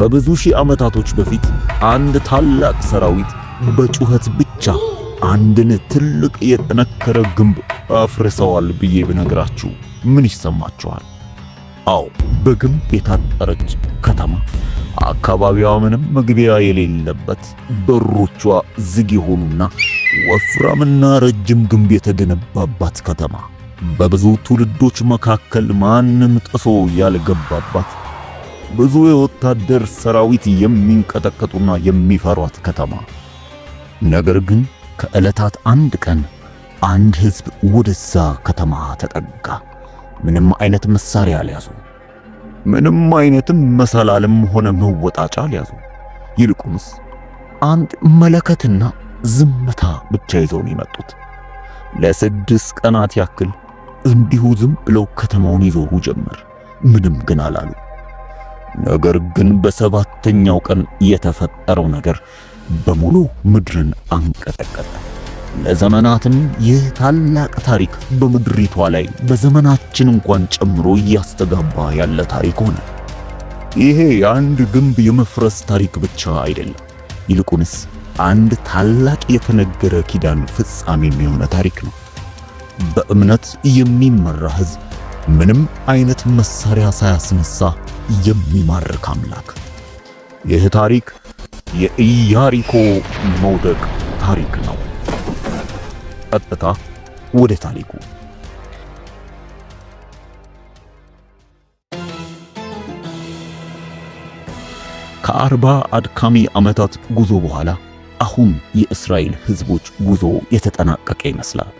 ከብዙ ሺህ ዓመታቶች በፊት አንድ ታላቅ ሰራዊት በጩኸት ብቻ አንድን ትልቅ የጠነከረ ግንብ አፍርሰዋል ብዬ ብነግራችሁ ምን ይሰማችኋል? አዎ፣ በግንብ የታጠረች ከተማ፣ አካባቢዋ ምንም መግቢያ የሌለበት፣ በሮቿ ዝግ የሆኑና ወፍራምና ረጅም ግንብ የተገነባባት ከተማ፣ በብዙ ትውልዶች መካከል ማንም ጥሶ ያልገባባት ብዙ የወታደር ሰራዊት የሚንቀጠቀጡና የሚፈሯት ከተማ። ነገር ግን ከዕለታት አንድ ቀን አንድ ሕዝብ ወደዛ ከተማ ተጠጋ። ምንም አይነት መሳሪያ አልያዙ፣ ምንም አይነትም መሰላልም ሆነ መወጣጫ አልያዙ። ይልቁንስ አንድ መለከትና ዝምታ ብቻ ይዘው ነው የመጡት። ለስድስት ቀናት ያክል እንዲሁ ዝም ብለው ከተማውን ይዞሩ ጀመር። ምንም ግን አላሉ። ነገር ግን በሰባተኛው ቀን የተፈጠረው ነገር በሙሉ ምድርን አንቀጠቀጠ። ለዘመናትም ይህ ታላቅ ታሪክ በምድሪቷ ላይ በዘመናችን እንኳን ጨምሮ እያስተጋባ ያለ ታሪክ ሆነ። ይሄ የአንድ ግንብ የመፍረስ ታሪክ ብቻ አይደለም፣ ይልቁንስ አንድ ታላቅ የተነገረ ኪዳን ፍጻሜ የሚሆነ ታሪክ ነው። በእምነት የሚመራ ሕዝብ ምንም አይነት መሳሪያ ሳያስነሳ የሚማርክ አምላክ። ይህ ታሪክ የኢያሪኮ መውደቅ ታሪክ ነው። ቀጥታ ወደ ታሪኩ። ከአርባ አድካሚ ዓመታት ጉዞ በኋላ አሁን የእስራኤል ሕዝቦች ጉዞ የተጠናቀቀ ይመስላል።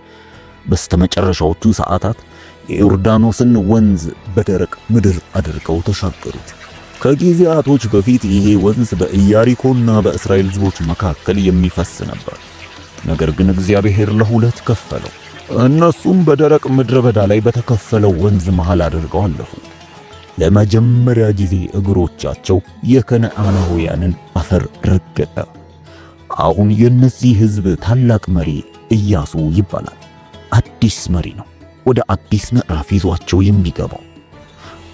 በስተመጨረሻዎቹ ሰዓታት የዮርዳኖስን ወንዝ በደረቅ ምድር አድርገው ተሻገሩት። ከጊዜያቶች በፊት ይሄ ወንዝ በኢያሪኮና በእስራኤል ሕዝቦች መካከል የሚፈስ ነበር። ነገር ግን እግዚአብሔር ለሁለት ከፈለው። እነሱም በደረቅ ምድረ በዳ ላይ በተከፈለው ወንዝ መሃል አድርገው አለፉ። ለመጀመሪያ ጊዜ እግሮቻቸው የከነዓናውያንን አፈር ረገጠ። አሁን የእነዚህ ሕዝብ ታላቅ መሪ ኢያሱ ይባላል። አዲስ መሪ ነው ወደ አዲስ ምዕራፍ ይዟቸው የሚገባው።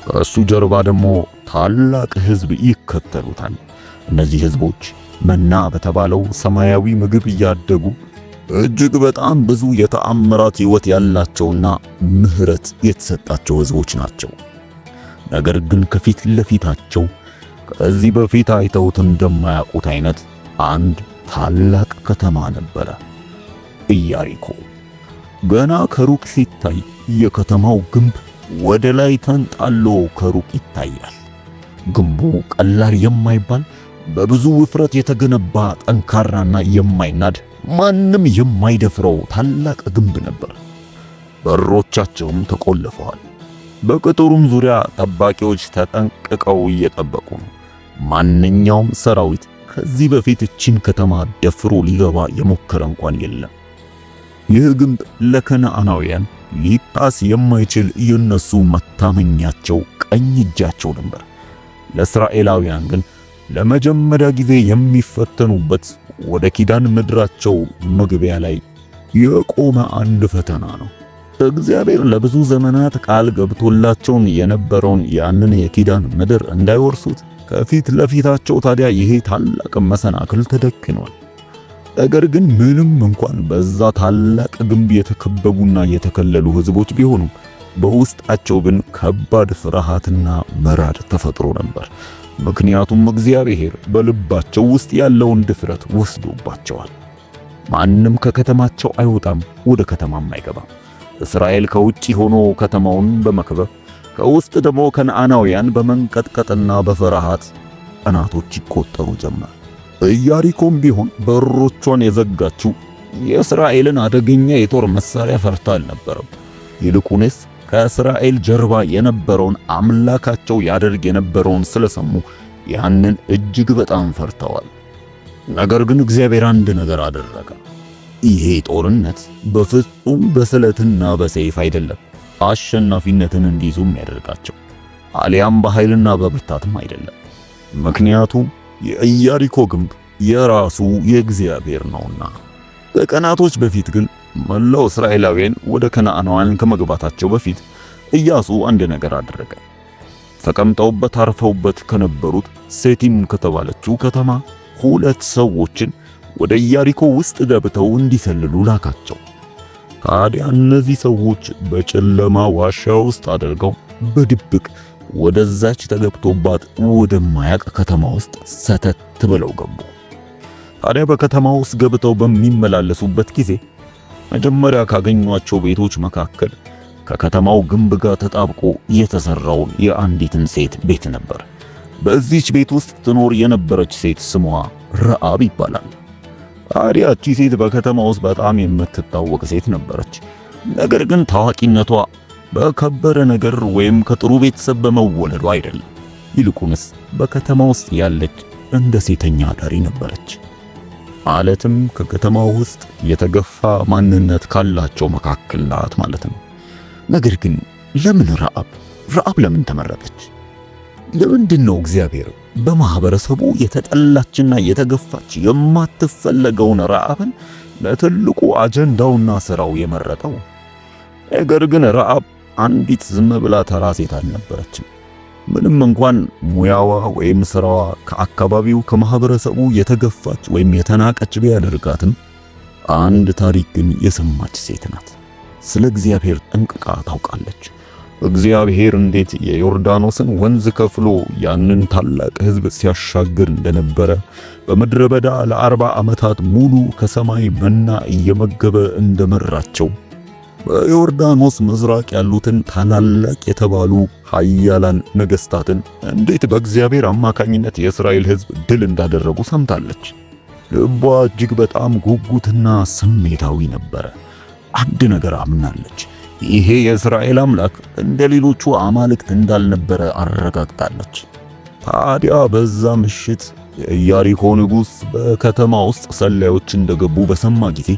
ከእሱ ጀርባ ደግሞ ታላቅ ሕዝብ ይከተሉታል። እነዚህ ሕዝቦች መና በተባለው ሰማያዊ ምግብ እያደጉ እጅግ በጣም ብዙ የተአምራት ሕይወት ያላቸውና ምሕረት የተሰጣቸው ሕዝቦች ናቸው። ነገር ግን ከፊት ለፊታቸው ከዚህ በፊት አይተውት እንደማያውቁት አይነት አንድ ታላቅ ከተማ ነበረ፣ ኢያሪኮ። ገና ከሩቅ ሲታይ የከተማው ግንብ ወደ ላይ ተንጣሎ ከሩቅ ይታያል። ግንቡ ቀላል የማይባል በብዙ ውፍረት የተገነባ ጠንካራና የማይናድ ማንም የማይደፍረው ታላቅ ግንብ ነበር። በሮቻቸውም ተቆልፈዋል። በቅጥሩም ዙሪያ ጠባቂዎች ተጠንቅቀው እየጠበቁ ነው። ማንኛውም ሰራዊት ከዚህ በፊት እቺን ከተማ ደፍሮ ሊገባ የሞከረ እንኳን የለም። ይህ ግንብ ለከነዓናውያን ሊጣስ የማይችል የነሱ መታመኛቸው ቀኝ እጃቸው ነበር። ለእስራኤላውያን ግን ለመጀመሪያ ጊዜ የሚፈተኑበት ወደ ኪዳን ምድራቸው መግቢያ ላይ የቆመ አንድ ፈተና ነው። እግዚአብሔር ለብዙ ዘመናት ቃል ገብቶላቸውን የነበረውን ያንን የኪዳን ምድር እንዳይወርሱት ከፊት ለፊታቸው ታዲያ ይሄ ታላቅ መሰናክል ተደክኗል። ነገር ግን ምንም እንኳን በዛ ታላቅ ግንብ የተከበቡና የተከለሉ ህዝቦች ቢሆኑ በውስጣቸው ግን ከባድ ፍርሃትና መራድ ተፈጥሮ ነበር። ምክንያቱም እግዚአብሔር በልባቸው ውስጥ ያለውን ድፍረት ወስዶባቸዋል። ማንም ከከተማቸው አይወጣም፣ ወደ ከተማም አይገባም። እስራኤል ከውጪ ሆኖ ከተማውን በመክበብ ከውስጥ ደግሞ ከነአናውያን በመንቀጥቀጥና በፍርሃት ቀናቶች ይቆጠሩ ጀመር። ኢያሪኮም ቢሆን በሮቿን የዘጋችው የእስራኤልን አደገኛ የጦር መሳሪያ ፈርታ አልነበረም። ይልቁንስ ከእስራኤል ጀርባ የነበረውን አምላካቸው ያደርግ የነበረውን ስለሰሙ ያንን እጅግ በጣም ፈርተዋል። ነገር ግን እግዚአብሔር አንድ ነገር አደረገ። ይሄ ጦርነት በፍጹም በስለትና በሰይፍ አይደለም አሸናፊነትን እንዲይዙም ያደርጋቸው፣ አሊያም በኃይልና በብርታትም አይደለም። ምክንያቱም የኢያሪኮ ግንብ የራሱ የእግዚአብሔር ነውና። ከቀናቶች በፊት ግን መላው እስራኤላውያን ወደ ከነዓናውያን ከመግባታቸው በፊት ኢያሱ አንድ ነገር አደረገ። ተቀምጠውበት አርፈውበት ከነበሩት ሴቲም ከተባለችው ከተማ ሁለት ሰዎችን ወደ ኢያሪኮ ውስጥ ገብተው እንዲሰልሉ ላካቸው። ታዲያ እነዚህ ሰዎች በጨለማ ዋሻ ውስጥ አድርገው በድብቅ ወደዛች ተገብቶባት ወደማያቅ ከተማ ውስጥ ሰተት ብለው ገቡ። ታዲያ በከተማ ውስጥ ገብተው በሚመላለሱበት ጊዜ መጀመሪያ ካገኟቸው ቤቶች መካከል ከከተማው ግንብ ጋር ተጣብቆ የተሰራውን የአንዲትን ሴት ቤት ነበር። በዚህች ቤት ውስጥ ትኖር የነበረች ሴት ስሟ ረአብ ይባላል። ታዲያ እቺ ሴት በከተማ ውስጥ በጣም የምትታወቅ ሴት ነበረች። ነገር ግን ታዋቂነቷ በከበረ ነገር ወይም ከጥሩ ቤተሰብ በመወለዱ አይደለም። ይልቁንስ በከተማ ውስጥ ያለች እንደ ሴተኛ አዳሪ ነበረች። ማለትም ከከተማ ውስጥ የተገፋ ማንነት ካላቸው መካከል ናት ማለት ነው። ነገር ግን ለምን ረዓብ ረዓብ ለምን ተመረጠች? ለምንድን ነው እግዚአብሔር በማህበረሰቡ የተጠላችና የተገፋች የማትፈለገውን ረዓብን ለትልቁ አጀንዳውና ስራው የመረጠው? ነገር ግን ረዓብ አንዲት ዝም ብላ ተራ ሴት አልነበረችም። ምንም እንኳን ሙያዋ ወይም ስራዋ ከአካባቢው ከማህበረሰቡ የተገፋች ወይም የተናቀች ቢያደርጋትም አንድ ታሪክ ግን የሰማች ሴት ናት። ስለ እግዚአብሔር ጠንቅቃ ታውቃለች። እግዚአብሔር እንዴት የዮርዳኖስን ወንዝ ከፍሎ ያንን ታላቅ ሕዝብ ሲያሻግር እንደነበረ በምድረ በዳ ለአርባ ዓመታት ሙሉ ከሰማይ መና እየመገበ እንደመራቸው በዮርዳኖስ ምስራቅ ያሉትን ታላላቅ የተባሉ ኃያላን ነገስታትን እንዴት በእግዚአብሔር አማካኝነት የእስራኤል ሕዝብ ድል እንዳደረጉ ሰምታለች። ልቧ እጅግ በጣም ጉጉትና ስሜታዊ ነበረ። አንድ ነገር አምናለች። ይሄ የእስራኤል አምላክ እንደ ሌሎቹ አማልክት እንዳልነበረ አረጋግጣለች። ታዲያ በዛ ምሽት የኢያሪኮ ንጉሥ በከተማ ውስጥ ሰላዮች እንደገቡ በሰማ ጊዜ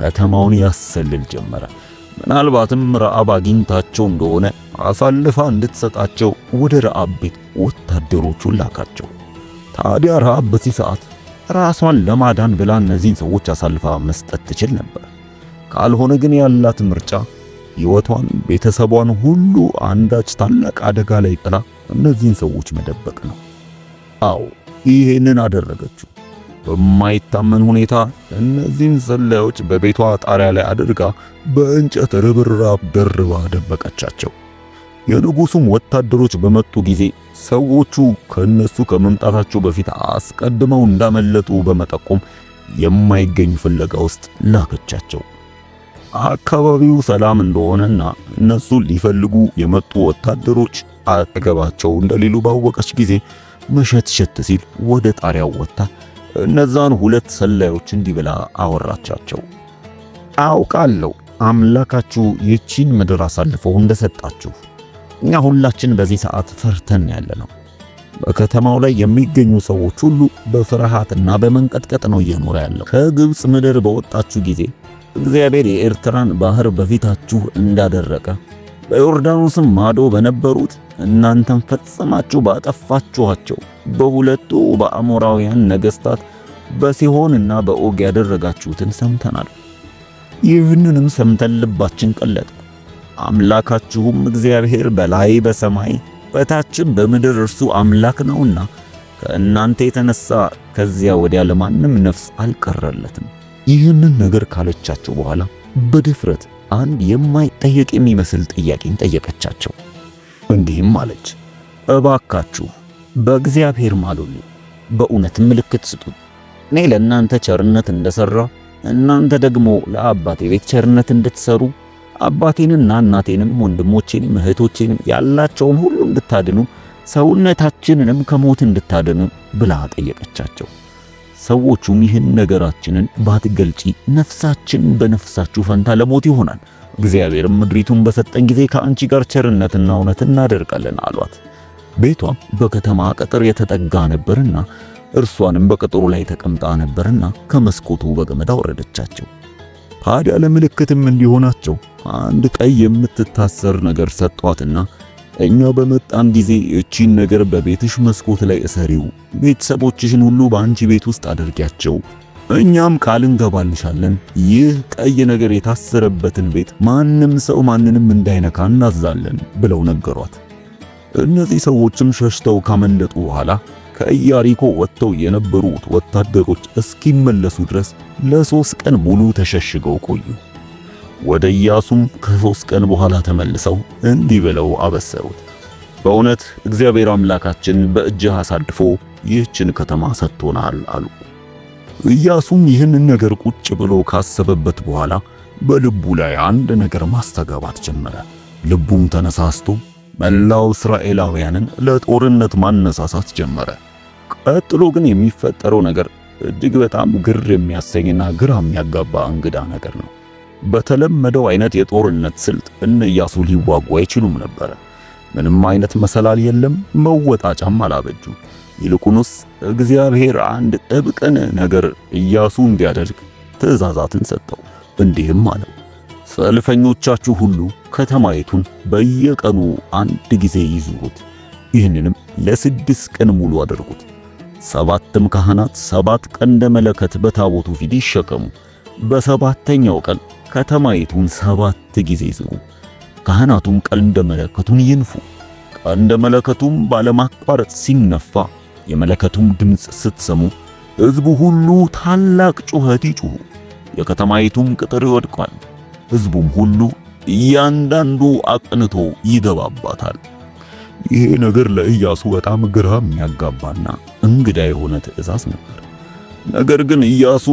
ከተማውን ያሰልል ጀመረ። ምናልባትም ረአብ አግኝታቸው እንደሆነ አሳልፋ እንድትሰጣቸው ወደ ረአብ ቤት ወታደሮቹን ላካቸው። ታዲያ ረአብ በዚህ ሰዓት ራሷን ለማዳን ብላ እነዚህን ሰዎች አሳልፋ መስጠት ትችል ነበር። ካልሆነ ግን ያላት ምርጫ ሕይወቷን፣ ቤተሰቧን ሁሉ አንዳች ታላቅ አደጋ ላይ ጥላ እነዚህን ሰዎች መደበቅ ነው። አዎ ይህንን አደረገችው። በማይታመን ሁኔታ እነዚህን ሰላዮች በቤቷ ጣሪያ ላይ አድርጋ በእንጨት ርብራብ ደርባ ደበቀቻቸው። የንጉሱም ወታደሮች በመጡ ጊዜ ሰዎቹ ከነሱ ከመምጣታቸው በፊት አስቀድመው እንዳመለጡ በመጠቆም የማይገኝ ፍለጋ ውስጥ ላከቻቸው። አካባቢው ሰላም እንደሆነና እነሱ ሊፈልጉ የመጡ ወታደሮች አጠገባቸው እንደሌሉ ባወቀች ጊዜ መሸት ሸት ሲል ወደ ጣሪያው ወጣ። እነዛን ሁለት ሰላዮች እንዲህ ብላ አወራቻቸው። አውቃለሁ አምላካችሁ ይቺን ምድር አሳልፎ እንደሰጣችሁ። እኛ ሁላችን በዚህ ሰዓት ፈርተን ያለ ነው። በከተማው ላይ የሚገኙ ሰዎች ሁሉ በፍርሃትና በመንቀጥቀጥ ነው እየኖረ ያለው። ከግብፅ ምድር በወጣችሁ ጊዜ እግዚአብሔር የኤርትራን ባህር በፊታችሁ እንዳደረቀ በዮርዳኖስም ማዶ በነበሩት እናንተም ፈጽማችሁ ባጠፋችኋቸው በሁለቱ በአሞራውያን ነገሥታት በሲሆንና በኦግ ያደረጋችሁትን ሰምተናል። ይህንንም ሰምተን ልባችን ቀለጠ። አምላካችሁም እግዚአብሔር በላይ በሰማይ በታችም በምድር እርሱ አምላክ ነውና ከእናንተ የተነሳ ከዚያ ወዲያ ለማንም ነፍስ አልቀረለትም። ይህንን ነገር ካለቻቸው በኋላ በድፍረት አንድ የማይጠየቅ የሚመስል ጥያቄን ጠየቀቻቸው። እንዲህም አለች፣ እባካችሁ በእግዚአብሔር ማሉልኝ፣ በእውነት ምልክት ስጡኝ። እኔ ለእናንተ ቸርነት እንደሰራ እናንተ ደግሞ ለአባቴ ቤት ቸርነት እንድትሰሩ አባቴንና እናቴንም ወንድሞቼንም እህቶቼንም ያላቸውን ሁሉ እንድታድኑ ሰውነታችንንም ከሞት እንድታድኑ ብላ ጠየቀቻቸው። ሰዎቹም ይህን ነገራችንን ባትገልጪ ነፍሳችን በነፍሳችሁ ፈንታ ለሞት ይሆናል፣ እግዚአብሔርም ምድሪቱን በሰጠን ጊዜ ከአንቺ ጋር ቸርነትና እውነት እናደርጋለን አሏት። ቤቷም በከተማ ቅጥር የተጠጋ ነበርና እርሷንም በቅጥሩ ላይ ተቀምጣ ነበርና ከመስኮቱ በገመድ አወረደቻቸው። ታዲያ ለምልክትም እንዲሆናቸው አንድ ቀይ የምትታሰር ነገር ሰጧትና እኛ በመጣን ጊዜ እቺን ነገር በቤትሽ መስኮት ላይ እሰሪው፣ ቤተሰቦችሽን ሁሉ በአንቺ ቤት ውስጥ አድርጊያቸው፣ እኛም ቃል እንገባልሻለን ይህ ቀይ ነገር የታሰረበትን ቤት ማንም ሰው ማንንም እንዳይነካ እናዛለን ብለው ነገሯት። እነዚህ ሰዎችም ሸሽተው ካመለጡ በኋላ ከኢያሪኮ ወጥተው የነበሩት ወታደሮች እስኪመለሱ ድረስ ለሶስት ቀን ሙሉ ተሸሽገው ቆዩ። ወደ ኢያሱም ከሶስት ቀን በኋላ ተመልሰው እንዲህ ብለው አበሰሩት። በእውነት እግዚአብሔር አምላካችን በእጅህ አሳድፎ ይህችን ከተማ ሰጥቶናል አሉ። ኢያሱም ይህንን ነገር ቁጭ ብሎ ካሰበበት በኋላ በልቡ ላይ አንድ ነገር ማስተጋባት ጀመረ። ልቡም ተነሳስቶ መላው እስራኤላውያንን ለጦርነት ማነሳሳት ጀመረ። ቀጥሎ ግን የሚፈጠረው ነገር እጅግ በጣም ግር የሚያሰኝና ግራ የሚያጋባ እንግዳ ነገር ነው። በተለመደው አይነት የጦርነት ስልት እነ ኢያሱ ሊዋጉ አይችሉም ነበረ። ምንም አይነት መሰላል የለም፣ መወጣጫም አላበጁ። ይልቁንስ እግዚአብሔር አንድ ጥብቅን ነገር ኢያሱ እንዲያደርግ ትእዛዛትን ሰጠው። እንዲህም አለው፣ ሰልፈኞቻችሁ ሁሉ ከተማይቱን በየቀኑ አንድ ጊዜ ይዙሩት። ይህንንም ለስድስት ቀን ሙሉ አድርጉት። ሰባትም ካህናት ሰባት ቀንደ መለከት በታቦቱ ፊት ይሸከሙ። በሰባተኛው ቀን ከተማይቱን ሰባት ጊዜ ዝጉ፣ ካህናቱም ቀንደ መለከቱን ይንፉ። ቀንደ መለከቱም ባለማቋረጥ ሲነፋ የመለከቱም ድምፅ ስትሰሙ ሕዝቡ ሁሉ ታላቅ ጩኸት ይጩሁ የከተማይቱም ቅጥር ይወድቋል። ሕዝቡም ሁሉ እያንዳንዱ አቅንቶ ይገባባታል። ይሄ ነገር ለኢያሱ በጣም ግራም የሚያጋባና እንግዳ የሆነ ትእዛዝ ነበር። ነገር ግን ኢያሱ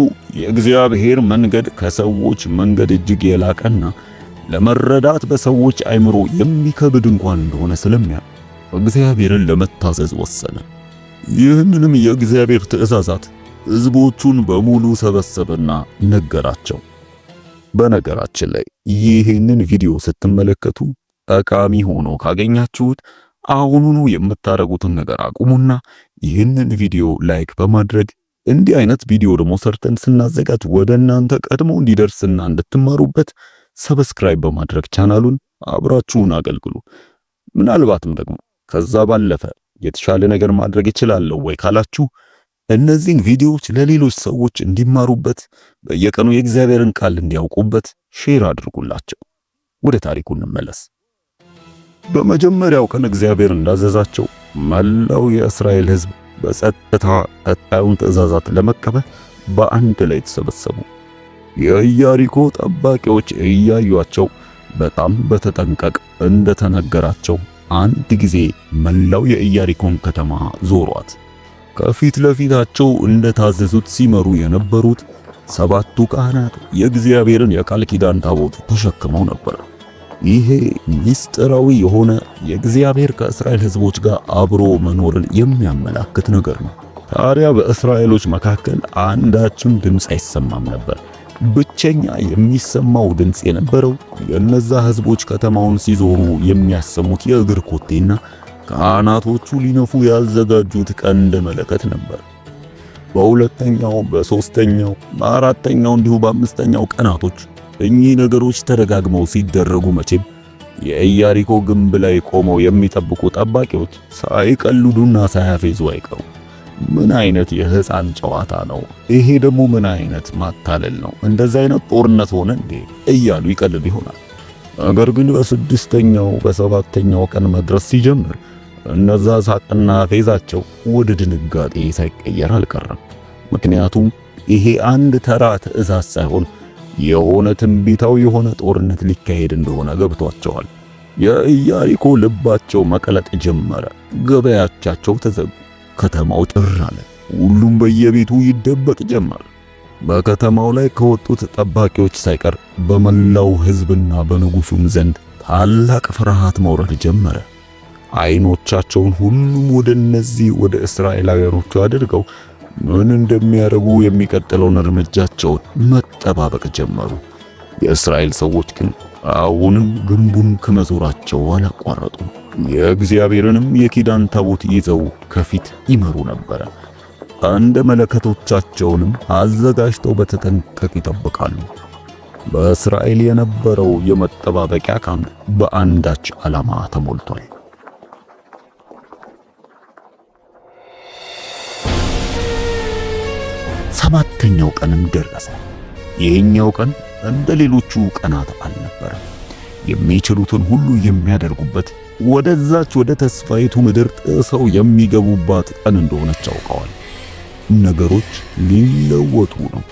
የእግዚአብሔር መንገድ ከሰዎች መንገድ እጅግ የላቀና ለመረዳት በሰዎች አይምሮ የሚከብድ እንኳን እንደሆነ ስለሚያ እግዚአብሔርን ለመታዘዝ ወሰነ። ይህንንም የእግዚአብሔር ትእዛዛት ሕዝቦቹን በሙሉ ሰበሰበና ነገራቸው። በነገራችን ላይ ይህንን ቪዲዮ ስትመለከቱ ጠቃሚ ሆኖ ካገኛችሁት አሁኑኑ የምታደርጉትን ነገር አቁሙና ይህንን ቪዲዮ ላይክ በማድረግ እንዲህ አይነት ቪዲዮ ደግሞ ሰርተን ስናዘጋጅ ወደ እናንተ ቀድሞ እንዲደርስና እንድትማሩበት ሰብስክራይብ በማድረግ ቻናሉን አብራችሁን አገልግሉ። ምናልባትም ደግሞ ከዛ ባለፈ የተሻለ ነገር ማድረግ እችላለሁ ወይ ካላችሁ እነዚህን ቪዲዮዎች ለሌሎች ሰዎች እንዲማሩበት በየቀኑ የእግዚአብሔርን ቃል እንዲያውቁበት ሼር አድርጉላቸው። ወደ ታሪኩ እንመለስ። በመጀመሪያው ቀን እግዚአብሔር እንዳዘዛቸው መላው የእስራኤል ሕዝብ በጸጥታ ቀጣዩን ትእዛዛት ለመቀበል በአንድ ላይ ተሰበሰቡ። የኢያሪኮ ጠባቂዎች እያዩአቸው በጣም በተጠንቀቅ እንደተነገራቸው አንድ ጊዜ መላው የኢያሪኮን ከተማ ዞሯት። ከፊት ለፊታቸው እንደታዘዙት ሲመሩ የነበሩት ሰባቱ ካህናት የእግዚአብሔርን የቃል ኪዳን ታቦት ተሸክመው ነበር። ይሄ ምስጢራዊ የሆነ የእግዚአብሔር ከእስራኤል ሕዝቦች ጋር አብሮ መኖርን የሚያመላክት ነገር ነው። ታዲያ በእስራኤሎች መካከል አንዳችም ድምፅ አይሰማም ነበር። ብቸኛ የሚሰማው ድምፅ የነበረው የነዛ ሕዝቦች ከተማውን ሲዞሩ የሚያሰሙት የእግር ኮቴና ካህናቶቹ ሊነፉ ያዘጋጁት ቀንደ መለከት ነበር። በሁለተኛው፣ በሶስተኛው፣ በአራተኛው እንዲሁ በአምስተኛው ቀናቶች እኚህ ነገሮች ተደጋግመው ሲደረጉ መቼም የኢያሪኮ ግንብ ላይ ቆመው የሚጠብቁ ጠባቂዎች ሳይቀልዱና ሳያፌዙ አይቀሩ። ምን አይነት የህፃን ጨዋታ ነው ይሄ? ደግሞ ምን አይነት ማታለል ነው? እንደዛ አይነት ጦርነት ሆነ እንዴ እያሉ ይቀልዱ ይሆናል። ነገር ግን በስድስተኛው በሰባተኛው ቀን መድረስ ሲጀምር እነዛ ሳቅና ፌዛቸው ወደ ድንጋጤ ሳይቀየር አልቀረም። ምክንያቱም ይሄ አንድ ተራ ትዕዛዝ ሳይሆን የሆነ ትንቢታው የሆነ ጦርነት ሊካሄድ እንደሆነ ገብቷቸዋል። የኢያሪኮ ልባቸው መቀለጥ ጀመረ። ገበያቻቸው ተዘጉ። ከተማው ጭር አለ። ሁሉም በየቤቱ ይደበቅ ጀመር። በከተማው ላይ ከወጡት ጠባቂዎች ሳይቀር በመላው ሕዝብና በንጉሱም ዘንድ ታላቅ ፍርሃት መውረድ ጀመረ። አይኖቻቸውን ሁሉም ወደ እነዚህ ወደ እስራኤላውያኖቹ አድርገው ምን እንደሚያደርጉ የሚቀጥለውን እርምጃቸውን መጠባበቅ ጀመሩ። የእስራኤል ሰዎች ግን አሁንም ግንቡን ከመዞራቸው አላቋረጡም። የእግዚአብሔርንም የኪዳን ታቦት ይዘው ከፊት ይመሩ ነበረ። እንደ መለከቶቻቸውንም አዘጋጅተው በተጠንቀቅ ይጠብቃሉ። በእስራኤል የነበረው የመጠባበቂያ ካምፕ በአንዳች ዓላማ ተሞልቷል። ሰባተኛው ቀንም ደረሰ። ይህኛው ቀን እንደ ሌሎቹ ቀናት አልነበረም። የሚችሉትን ሁሉ የሚያደርጉበት ወደዛች ወደ ተስፋይቱ ምድር ጥሰው የሚገቡባት ቀን እንደሆነች አውቀዋል። ነገሮች ሊለወጡ ነው።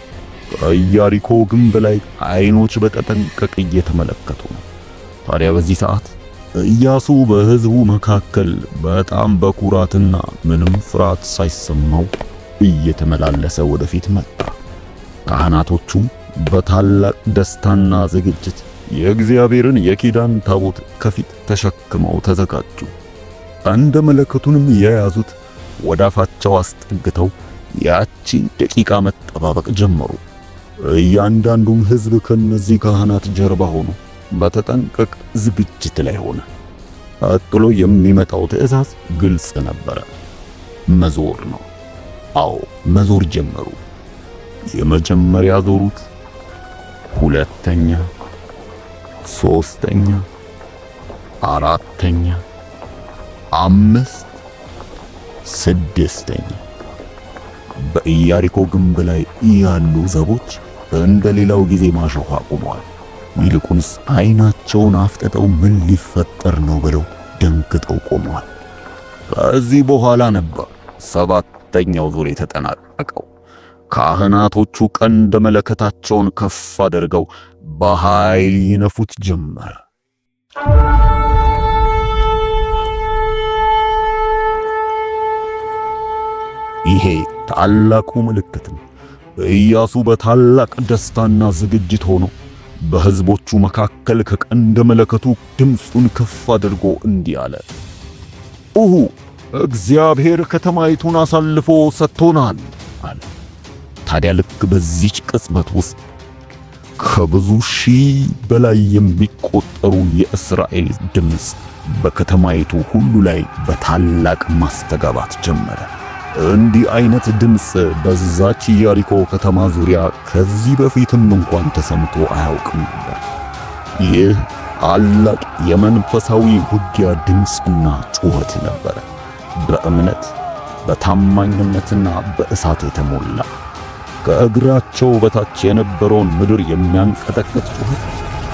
ከኢያሪኮ ግንብ ላይ አይኖች በተጠንቀቅ እየተመለከቱ ነው። ታዲያ በዚህ ሰዓት ኢያሱ በሕዝቡ መካከል በጣም በኩራትና ምንም ፍርሃት ሳይሰማው እየተመላለሰ ወደፊት መጣ። ካህናቶቹም በታላቅ ደስታና ዝግጅት የእግዚአብሔርን የኪዳን ታቦት ከፊት ተሸክመው ተዘጋጁ። እንደ መለከቱንም የያዙት ወደ አስጠግተው ያቺ ደቂቃ መጠባበቅ ጀመሩ። እያንዳንዱም ሕዝብ ከነዚህ ካህናት ጀርባ ሆኖ በተጠንቀቅ ዝግጅት ላይ ሆነ። ቀጥሎ የሚመጣው ትዕዛዝ ግልጽ ነበረ። መዞር ነው። አዎ መዞር ጀመሩ። የመጀመሪያ ዞሩት ሁለተኛ፣ ሶስተኛ፣ አራተኛ፣ አምስት፣ ስድስተኛ። በኢያሪኮ ግንብ ላይ ያሉ ዘቦች እንደሌላው ጊዜ ማሸኋ አቁመዋል። ይልቁንስ አይናቸውን አፍጥጠው ምን ሊፈጠር ነው ብለው ደንግጠው ቆመዋል። ከዚህ በኋላ ነበር ሰባተኛው ዙር የተጠናቀቀው። ካህናቶቹ ቀንደ መለከታቸውን ከፍ አድርገው በኃይል ይነፉት ጀመር። ይሄ ታላቁ ምልክት ነው። ኢያሱ በታላቅ ደስታና ዝግጅት ሆኖ በሕዝቦቹ መካከል ከቀንደ መለከቱ ድምፁን ከፍ አድርጎ እንዲህ አለ። ኡሁ እግዚአብሔር ከተማይቱን አሳልፎ ሰጥቶናል አለ። ታዲያ ልክ በዚች ቅጽበት ውስጥ ከብዙ ሺህ በላይ የሚቆጠሩ የእስራኤል ድምፅ በከተማይቱ ሁሉ ላይ በታላቅ ማስተጋባት ጀመረ። እንዲህ አይነት ድምፅ በዛች ኢያሪኮ ከተማ ዙሪያ ከዚህ በፊትም እንኳን ተሰምቶ አያውቅም ነበር። ይህ ታላቅ የመንፈሳዊ ውጊያ ድምፅና ጩኸት ነበረ፣ በእምነት በታማኝነትና በእሳት የተሞላ ከእግራቸው በታች የነበረውን ምድር የሚያንቀጠቅጥ ጩኸት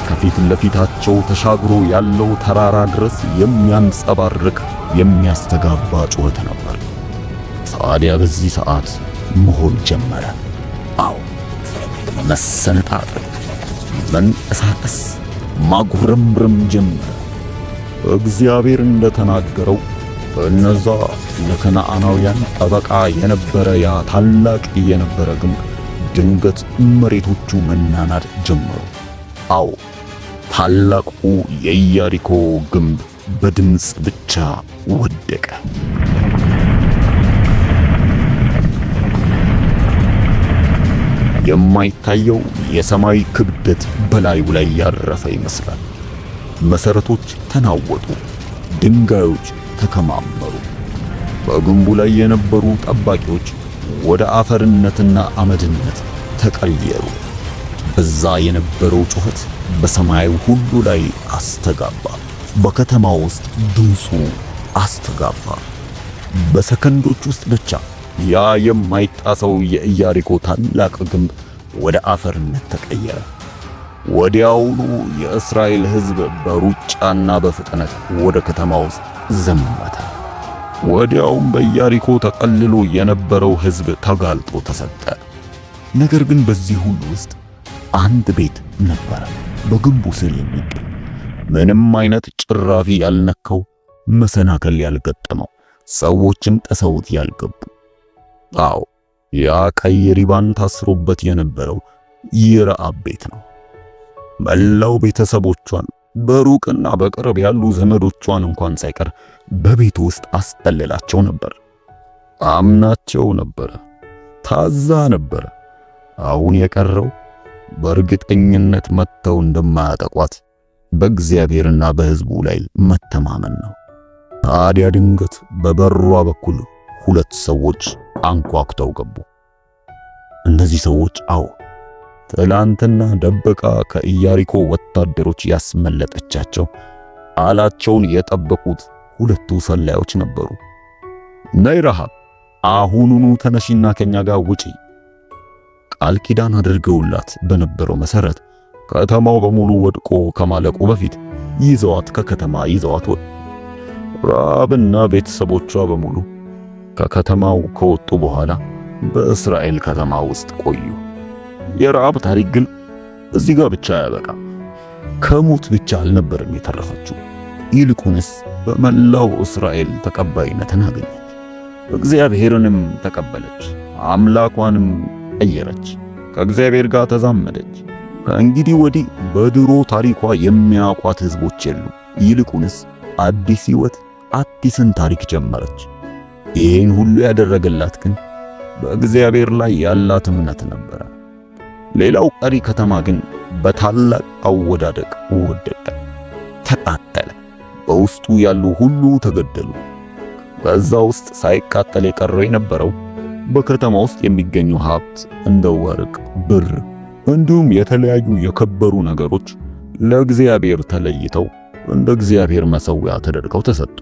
ከፊት ለፊታቸው ተሻግሮ ያለው ተራራ ድረስ የሚያንጸባርቅ የሚያስተጋባ ጩኸት ነበር። ታዲያ በዚህ ሰዓት መሆን ጀመረ። አዎ መሰነጣጠል፣ መንቀሳቀስ፣ ማጉረምረም ጀመረ። እግዚአብሔር እንደተናገረው እነዛ ለከነዓናውያን ጠበቃ የነበረ ያ ታላቅ የነበረ ግንብ ድንገት መሬቶቹ መናናድ ጀመሩ። አዎ ታላቁ የኢያሪኮ ግንብ በድምፅ ብቻ ወደቀ። የማይታየው የሰማይ ክብደት በላዩ ላይ ያረፈ ይመስላል። መሠረቶች ተናወጡ። ድንጋዮች ተከማመሩ። በግንቡ ላይ የነበሩ ጠባቂዎች ወደ አፈርነትና አመድነት ተቀየሩ። በዛ የነበረው ጩኸት በሰማይ ሁሉ ላይ አስተጋባ። በከተማ ውስጥ ድምፁ አስተጋባ። በሰከንዶች ውስጥ ብቻ ያ የማይጣሰው የኢያሪኮ ታላቅ ግንብ ወደ አፈርነት ተቀየረ። ወዲያውኑ የእስራኤል ሕዝብ በሩጫና በፍጥነት ወደ ከተማ ውስጥ ዘመተ። ወዲያውም በኢያሪኮ ተቀልሎ የነበረው ሕዝብ ተጋልጦ ተሰጠ። ነገር ግን በዚህ ሁሉ ውስጥ አንድ ቤት ነበረ፣ በግንቡ ስር የሚገኝ ምንም አይነት ጭራፊ ያልነካው፣ መሰናከል ያልገጠመው፣ ሰዎችም ጥሰውት ያልገቡ። አዎ ያ ቀይ ሪባን ታስሮበት የነበረው የረዓብ ቤት ነው። መላው ቤተሰቦቿን በሩቅና በቅርብ ያሉ ዘመዶቿን እንኳን ሳይቀር በቤቱ ውስጥ አስጠልላቸው ነበር። አምናቸው ነበር፣ ታዛ ነበር። አሁን የቀረው በእርግጠኝነት መጥተው እንደማያጠቋት በእግዚአብሔርና በሕዝቡ ላይ መተማመን ነው። ታዲያ ድንገት በበሯ በኩል ሁለት ሰዎች አንኳኩተው ገቡ። እነዚህ ሰዎች አዎ ትላንትና ደብቃ ከኢያሪኮ ወታደሮች ያስመለጠቻቸው አላቸውን የጠበቁት ሁለቱ ሰላዮች ነበሩ። ነይ ረሃብ፣ አሁኑኑ ተነሺና ከኛ ጋር ውጪ። ቃል ኪዳን አድርገውላት በነበረው መሰረት ከተማው በሙሉ ወድቆ ከማለቁ በፊት ይዘዋት ከከተማ ይዘዋት ወጡ። ራብና ቤተሰቦቿ በሙሉ ከከተማው ከወጡ በኋላ በእስራኤል ከተማ ውስጥ ቆዩ። የረዓብ ታሪክ ግን እዚህ ጋር ብቻ ያበቃ። ከሞት ብቻ አልነበርም የተረፈችው፣ ይልቁንስ በመላው እስራኤል ተቀባይነትን አገኘች። እግዚአብሔርንም ተቀበለች፣ አምላኳንም ቀየረች፣ ከእግዚአብሔር ጋር ተዛመደች። ከእንግዲህ ወዲህ በድሮ ታሪኳ የሚያውቋት ህዝቦች የሉ። ይልቁንስ አዲስ ህይወት አዲስን ታሪክ ጀመረች። ይህን ሁሉ ያደረገላት ግን በእግዚአብሔር ላይ ያላት እምነት ነበረ። ሌላው ቀሪ ከተማ ግን በታላቅ አወዳደቅ ወደቀ፣ ተቃጠለ። በውስጡ ያሉ ሁሉ ተገደሉ። በዛ ውስጥ ሳይቃጠል የቀረው የነበረው በከተማ ውስጥ የሚገኙ ሀብት እንደ ወርቅ፣ ብር እንዲሁም የተለያዩ የከበሩ ነገሮች ለእግዚአብሔር ተለይተው እንደ እግዚአብሔር መሠዊያ ተደርገው ተሰጡ።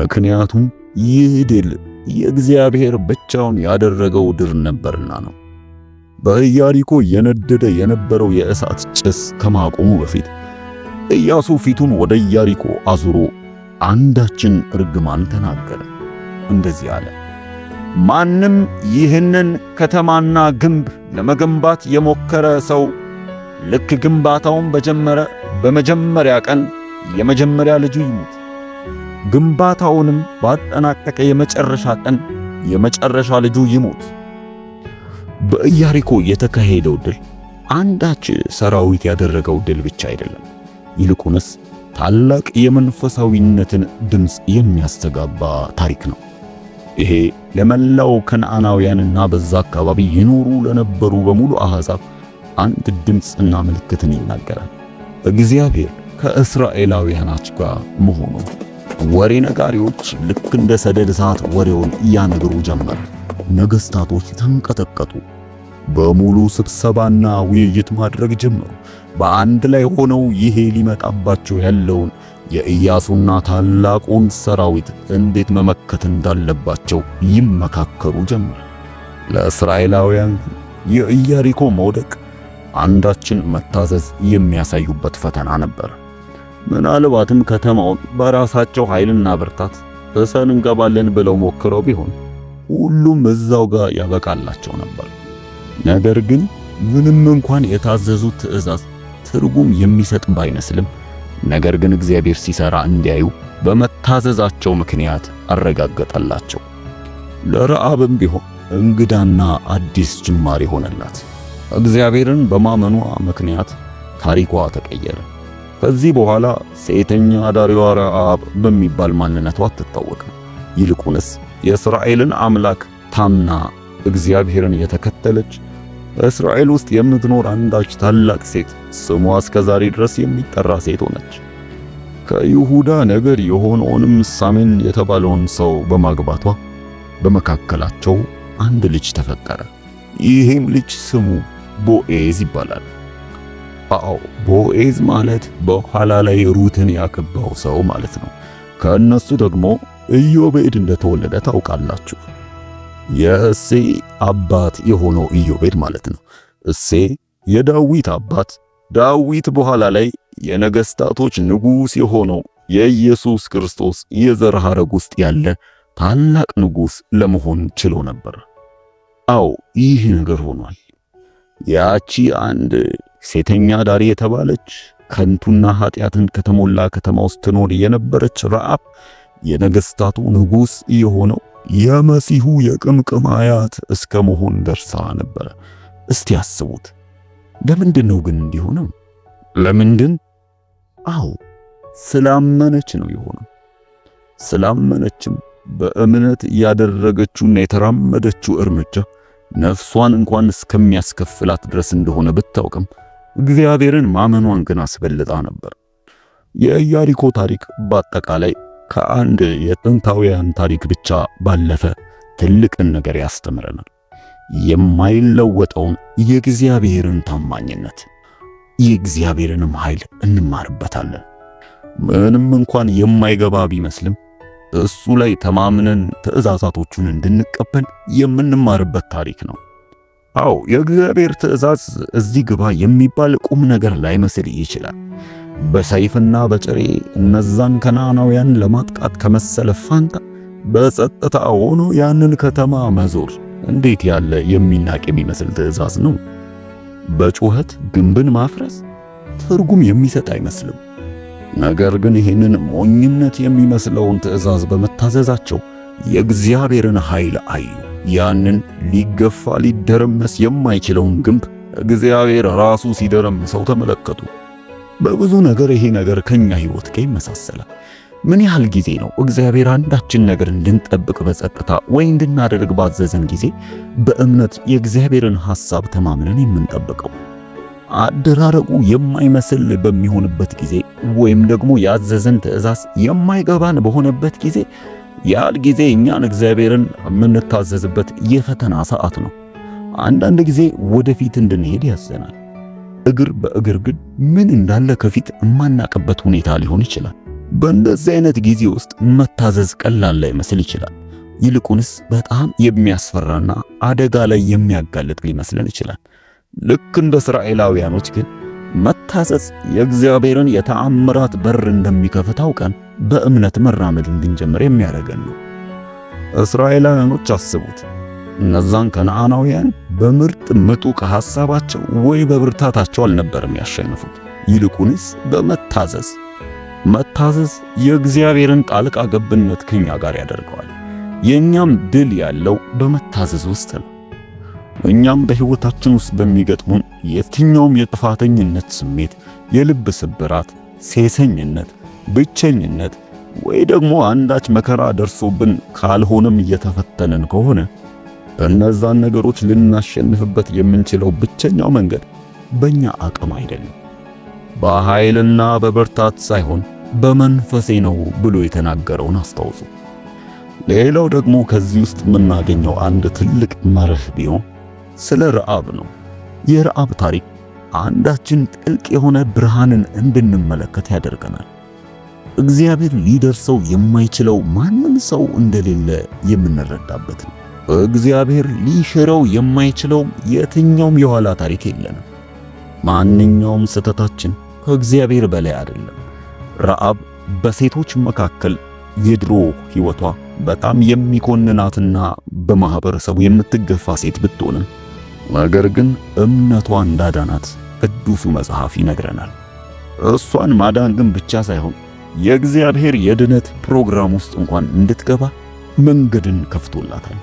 ምክንያቱም ይህ ድል የእግዚአብሔር ብቻውን ያደረገው ድር ነበርና ነው። በኢያሪኮ የነደደ የነበረው የእሳት ጭስ ከማቆሙ በፊት ኢያሱ ፊቱን ወደ ኢያሪኮ አዙሮ አንዳችን ርግማን ተናገረ። እንደዚህ አለ፣ ማንም ይህንን ከተማና ግንብ ለመገንባት የሞከረ ሰው ልክ ግንባታውን በጀመረ በመጀመሪያ ቀን የመጀመሪያ ልጁ ይሙት፣ ግንባታውንም ባጠናቀቀ የመጨረሻ ቀን የመጨረሻ ልጁ ይሙት። በኢያሪኮ የተካሄደው ድል አንዳች ሰራዊት ያደረገው ድል ብቻ አይደለም። ይልቁንስ ታላቅ የመንፈሳዊነትን ድምፅ የሚያስተጋባ ታሪክ ነው። ይሄ ለመላው ከነዓናውያንና በዛ አካባቢ ይኖሩ ለነበሩ በሙሉ አሕዛብ አንድ ድምፅና ምልክትን ይናገራል። እግዚአብሔር ከእስራኤላውያናች ጋር መሆኑ ወሬ ነጋሪዎች ልክ እንደ ሰደድ እሳት ወሬውን እያነግሩ ጀመር። ነገስታቶች ተንቀጠቀጡ። በሙሉ ስብሰባና ውይይት ማድረግ ጀመሩ። በአንድ ላይ ሆነው ይሄ ሊመጣባቸው ያለውን የኢያሱና ታላቁን ሰራዊት እንዴት መመከት እንዳለባቸው ይመካከሩ ጀመር። ለእስራኤላውያን የኢያሪኮ መውደቅ አንዳችን መታዘዝ የሚያሳዩበት ፈተና ነበር። ምናልባትም ከተማውን በራሳቸው ኃይልና ብርታት እሰን እንገባለን ብለው ሞክረው ቢሆን ሁሉም እዛው ጋር ያበቃላቸው ነበር። ነገር ግን ምንም እንኳን የታዘዙት ትዕዛዝ ትርጉም የሚሰጥ ባይመስልም ነገር ግን እግዚአብሔር ሲሰራ እንዲያዩ በመታዘዛቸው ምክንያት አረጋገጠላቸው። ለረአብም ቢሆን እንግዳና አዲስ ጅማሬ ሆነላት። እግዚአብሔርን በማመኗ ምክንያት ታሪኳ ተቀየረ። ከዚህ በኋላ ሴተኛ አዳሪዋ አብ በሚባል ማንነቷ አትታወቅም። ይልቁንስ የእስራኤልን አምላክ ታምና እግዚአብሔርን የተከተለች በእስራኤል ውስጥ የምትኖር አንዳች ታላቅ ሴት ስሟ እስከ ዛሬ ድረስ የሚጠራ ሴት ሆነች። ከይሁዳ ነገር የሆነውንም ሳሜን የተባለውን ሰው በማግባቷ በመካከላቸው አንድ ልጅ ተፈጠረ። ይህም ልጅ ስሙ ቦኤዝ ይባላል። አዎ ቦኤዝ ማለት በኋላ ላይ ሩትን ያገባው ሰው ማለት ነው። ከእነሱ ደግሞ ኢዮቤድ እንደተወለደ ታውቃላችሁ። የእሴይ አባት የሆነው ኢዮቤድ ማለት ነው። እሴ የዳዊት አባት፣ ዳዊት በኋላ ላይ የነገስታቶች ንጉስ የሆነው የኢየሱስ ክርስቶስ የዘር ሐረግ ውስጥ ያለ ታላቅ ንጉስ ለመሆን ችሎ ነበር። አዎ ይህ ነገር ሆኗል። ያቺ አንድ ሴተኛ ዳሪ የተባለች ከንቱና ኃጢአትን ከተሞላ ከተማ ውስጥ ትኖር የነበረች ረዓብ የነገስታቱ ንጉስ የሆነው የመሲሁ የቅምቅም አያት እስከ መሆን ደርሳ ነበረ። እስቲ አስቡት ለምንድን ነው ግን እንዲሆነው? ለምንድን? አዎ ስላመነች ነው የሆነው። ስላመነችም በእምነት ያደረገችውና የተራመደችው እርምጃ ነፍሷን እንኳን እስከሚያስከፍላት ድረስ እንደሆነ ብታውቅም እግዚአብሔርን ማመኗን ግን አስበልጣ ነበር። የኢያሪኮ ታሪክ በአጠቃላይ ከአንድ የጥንታውያን ታሪክ ብቻ ባለፈ ትልቅን ነገር ያስተምረናል። የማይለወጠውን የእግዚአብሔርን ታማኝነት፣ የእግዚአብሔርንም ኃይል እንማርበታለን። ምንም እንኳን የማይገባ ቢመስልም እሱ ላይ ተማምነን ትእዛዛቶቹን እንድንቀበል የምንማርበት ታሪክ ነው። አዎ የእግዚአብሔር ትእዛዝ እዚህ ግባ የሚባል ቁም ነገር ላይመስል ይችላል። በሰይፍና በጭሬ እነዛን ከነዓናውያን ለማጥቃት ከመሰለ ፋንታ በጸጥታ ሆኖ ያንን ከተማ መዞር እንዴት ያለ የሚናቅ የሚመስል ትእዛዝ ነው። በጩኸት ግንብን ማፍረስ ትርጉም የሚሰጥ አይመስልም። ነገር ግን ይህንን ሞኝነት የሚመስለውን ትእዛዝ በመታዘዛቸው የእግዚአብሔርን ኃይል አዩ። ያንን ሊገፋ ሊደረመስ የማይችለውን ግንብ እግዚአብሔር ራሱ ሲደረምሰው ተመለከቱ። በብዙ ነገር ይሄ ነገር ከኛ ህይወት ጋር ይመሳሰላል። ምን ያህል ጊዜ ነው እግዚአብሔር አንዳችን ነገር እንድንጠብቅ በጸጥታ ወይ እንድናደርግ ባዘዘን ጊዜ በእምነት የእግዚአብሔርን ሐሳብ ተማምነን የምንጠብቀው? አደራረቁ የማይመስል በሚሆንበት ጊዜ ወይም ደግሞ ያዘዘን ትእዛዝ የማይገባን በሆነበት ጊዜ ያል ጊዜ እኛን እግዚአብሔርን የምንታዘዝበት የፈተና ሰዓት ነው። አንዳንድ ጊዜ ወደፊት እንድንሄድ ያዘናል። እግር በእግር ግን ምን እንዳለ ከፊት የማናቅበት ሁኔታ ሊሆን ይችላል። በእንደዚህ አይነት ጊዜ ውስጥ መታዘዝ ቀላል ላይመስል ይችላል። ይልቁንስ በጣም የሚያስፈራና አደጋ ላይ የሚያጋልጥ ሊመስልን ይችላል። ልክ እንደ እስራኤላውያኖች ግን መታዘዝ የእግዚአብሔርን የተአምራት በር እንደሚከፍት አውቀን በእምነት መራመድ እንድንጀምር የሚያደርገን ነው። እስራኤላውያኖች አስቡት፣ እነዛን ከነዓናውያን በምርጥ ምጡቅ ሐሳባቸው ወይ በብርታታቸው አልነበረም ያሸነፉት፣ ይልቁንስ በመታዘዝ። መታዘዝ የእግዚአብሔርን ጣልቃ ገብነት ከኛ ጋር ያደርገዋል። የኛም ድል ያለው በመታዘዝ ውስጥ ነው። እኛም በሕይወታችን ውስጥ በሚገጥሙን የትኛውም የጥፋተኝነት ስሜት፣ የልብ ስብራት፣ ሴሰኝነት ብቸኝነት ወይ ደግሞ አንዳች መከራ ደርሶብን ካልሆነም እየተፈተንን ከሆነ እነዛን ነገሮች ልናሸንፍበት የምንችለው ብቸኛው መንገድ በእኛ አቅም አይደለም፣ በኃይልና በብርታት ሳይሆን በመንፈሴ ነው ብሎ የተናገረውን አስታውሱ። ሌላው ደግሞ ከዚህ ውስጥ የምናገኘው አንድ ትልቅ መርህ ቢሆን ስለ ረዓብ ነው። የረዓብ ታሪክ አንዳችን ጥልቅ የሆነ ብርሃንን እንድንመለከት ያደርገናል። እግዚአብሔር ሊደርሰው የማይችለው ማንም ሰው እንደሌለ የምንረዳበት ነው። እግዚአብሔር ሊሽረው የማይችለው የትኛውም የኋላ ታሪክ የለንም። ማንኛውም ስህተታችን ከእግዚአብሔር በላይ አይደለም። ረዓብ በሴቶች መካከል የድሮ ሕይወቷ በጣም የሚኮንናትና በማህበረሰቡ የምትገፋ ሴት ብትሆንም ነገር ግን እምነቷ እንዳዳናት ቅዱሱ መጽሐፍ ይነግረናል። እሷን ማዳን ግን ብቻ ሳይሆን የእግዚአብሔር የድነት ፕሮግራም ውስጥ እንኳን እንድትገባ መንገድን ከፍቶላታል።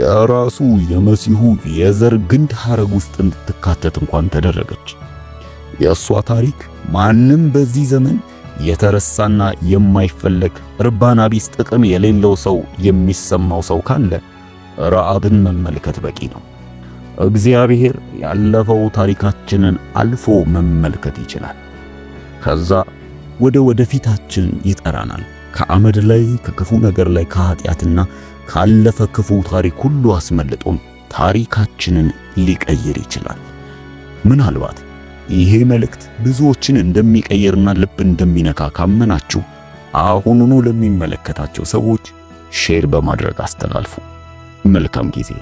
የራሱ የመሲሁ የዘር ግንድ ሐረግ ውስጥ እንድትካተት እንኳን ተደረገች። የእሷ ታሪክ ማንም በዚህ ዘመን የተረሳና የማይፈለግ ርባና ቢስ ጥቅም የሌለው ሰው የሚሰማው ሰው ካለ ረዓብን መመልከት በቂ ነው። እግዚአብሔር ያለፈው ታሪካችንን አልፎ መመልከት ይችላል። ከዛ ወደ ወደፊታችን ይጠራናል። ከአመድ ላይ ከክፉ ነገር ላይ ከኃጢአትና ካለፈ ክፉ ታሪክ ሁሉ አስመልጦም ታሪካችንን ሊቀይር ይችላል። ምናልባት ይሄ መልእክት ብዙዎችን እንደሚቀይርና ልብ እንደሚነካ ካመናችሁ አሁኑኑ ለሚመለከታቸው ሰዎች ሼር በማድረግ አስተላልፉ። መልካም ጊዜ